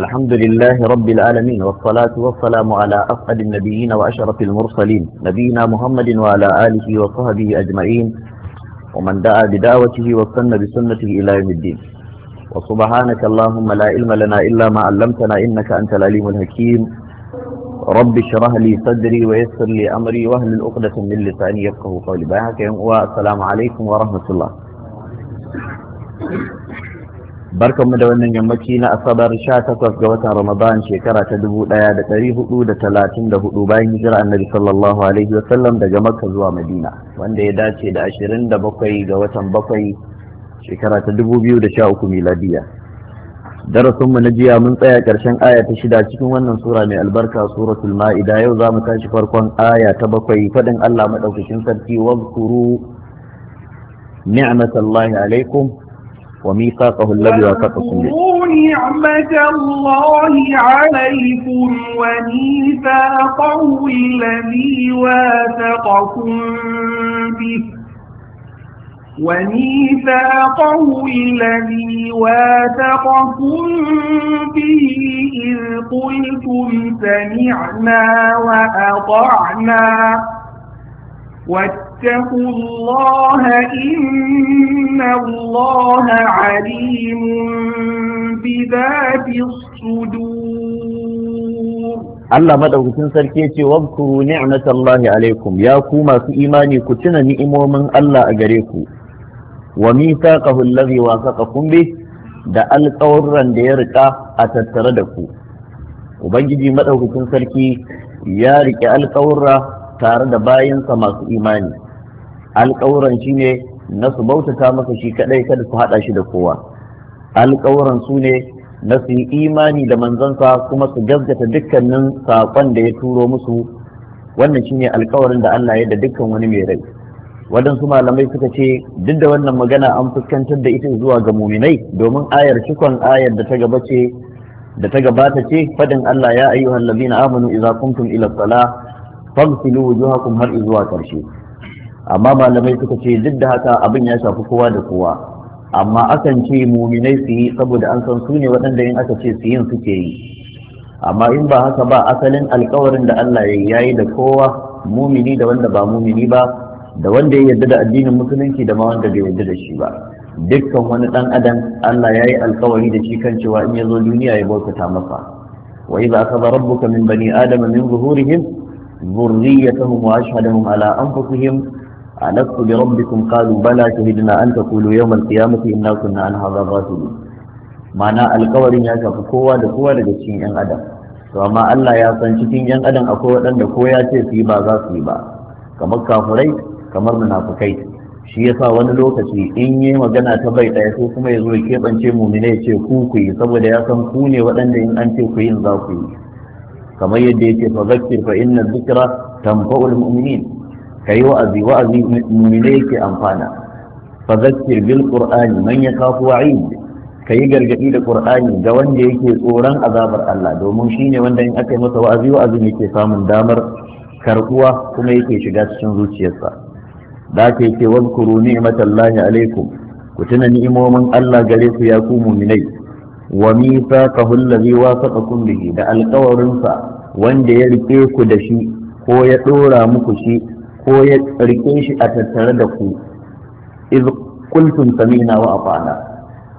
الحمد لله رب العالمين والصلاة والسلام على أسعد النبيين وأشرف المرسلين نبينا محمد وعلى آله وصحبه أجمعين ومن دعا بدعوته واستنى بسنته إلى يوم الدين وسبحانك اللهم لا علم لنا إلا ما علمتنا إنك أنت العليم الحكيم رب اشرح لي صدري ويسر لي أمري واهل الأقدة من لساني يفقه قولي بيعك والسلام عليكم ورحمة الله barkanmu da wannan yammaci na asabar 18 ga watan ramadan shekara ta 1434 bayan hijira annabi sallallahu alaihi wasallam daga makka zuwa madina wanda ya dace da 27 ga watan bakwai shekara ta 2013 miladiya darasinmu na jiya mun tsaya ƙarshen aya ta shida cikin wannan sura mai albarka suratul ma'ida yau za mu tashi farkon aya ta bakwai faɗin allah maɗaukakin sarki wazkuru ni'matallahi alaikum وميثاقه الذي وثقكم به نعمة الله عليكم وميثاقه الذي واثقكم به وميثاقه الذي واثقكم به إذ قلتم سمعنا وأطعنا واتقوا الله إن الله عليم بذات الصدور Allah madaukakin sarki ya ce wabkuru ni'matallahi alaikum ya ku masu imani ku tuna ni'imomin Allah a gare ku wa mithaqahu allazi wasaqakum bih da alƙawurran da ya riƙa a tattare da ku ubangiji maɗaukacin sarki ya rike alƙawurra tare da bayansa masu imani alƙawuran shine na su bautata maka shi kadai kada su hada shi da kowa alƙawuran su ne na su yi imani da manzansa kuma su gaskata dukkanin saƙon da ya turo musu wannan shine alƙawarin da Allah ya da dukkan wani mai rai waɗansu malamai suka ce duk da wannan magana an fuskantar da ita zuwa ga muminai domin ayar cikon ayar da ta gaba ce da ta gabata ce fadin Allah ya ayyuhal ladina amanu idza kuntum ila salah faghsilu wujuhakum har zuwa karshe amma malamai suka ce duk da haka abin ya shafi kowa da kowa amma akan ce muminai su yi saboda an san su ne waɗanda yin aka ce su yin suke yi amma in ba haka ba asalin alkawarin da Allah ya yi da kowa mumini da wanda ba mumini ba da wanda ya yarda da addinin musulunci da ma wanda bai yarda da shi ba dukkan wani dan adam Allah ya yi alkawari da shi kan cewa in ya zo duniya ya bautata masa wa idza akhadha rabbuka min bani adama min zuhurihim dhurriyyatahum wa ashhadahum ala anfusihim ألست بربكم قالوا بلى شهدنا أن ya يوم القيامة إنا na عن هذا غافلين Mana alkawarin ya shafi kowa da kowa daga cikin 'yan adam to Allah ya san cikin 'yan adam akwai waɗanda ko ya ce su yi ba za su yi ba kamar kafurai kamar munafukai shi yasa wani lokaci in yi magana ta bai ɗaya sai kuma ya zo ya keɓance mumina ya ce ku ku yi saboda ya san ku ne waɗanda in an ce yin za ku yi kamar yadda ya ce fa zakir fa inna zikira, tanfa'ul mu'minin ka yi wa'azi wa'azi mummune ke amfana fa zakir bil qur'ani man yakhafu wa'id ka yi gargadi da qur'ani ga wanda yake tsoron azabar Allah domin shine wanda in aka yi masa wa'azi wa'azi yake samun damar karbuwa kuma yake shiga cikin zuciyarsa da ka yake wazkuru ni'matallahi alaikum ku tuna ni'imomin Allah gare ku ya ku mu'minai wa mithaqahu allazi wasaqakum bihi da alkawarinsa wanda ya rike ku da shi ko ya dora muku shi ko ya rike shi a tattare da ku iz kuntum samina wa afana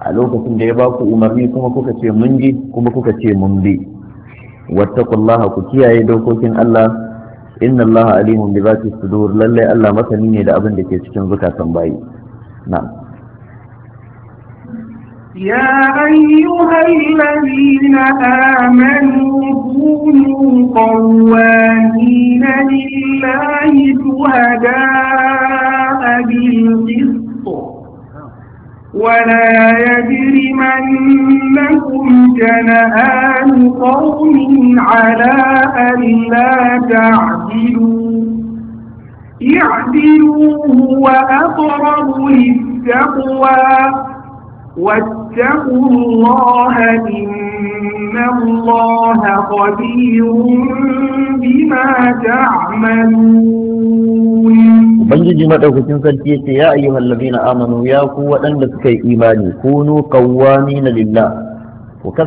a lokacin da ya ba ku umarni kuma kuka ce mun ji kuma kuka ce mun bi wattaqullaha ku kiyaye dokokin Allah inna Allah alimun bi zati sudur lalle Allah masani ne da abin da ke cikin zukatan bayi na'am يا أيها الذين آمنوا فكونوا قوامين لله شهداء بالقسط ولا يجرمنكم جنآن قوم على ألا تعدلوا اعدلوا هُوَ أَقْرَبُ للتقوى واتقوا الله إن الله خبير بما تعملون Ubangiji madaukakin sarki yace ya ayyuhal ladina amanu ya ku waɗanda suka yi imani kunu qawwamina lillah ku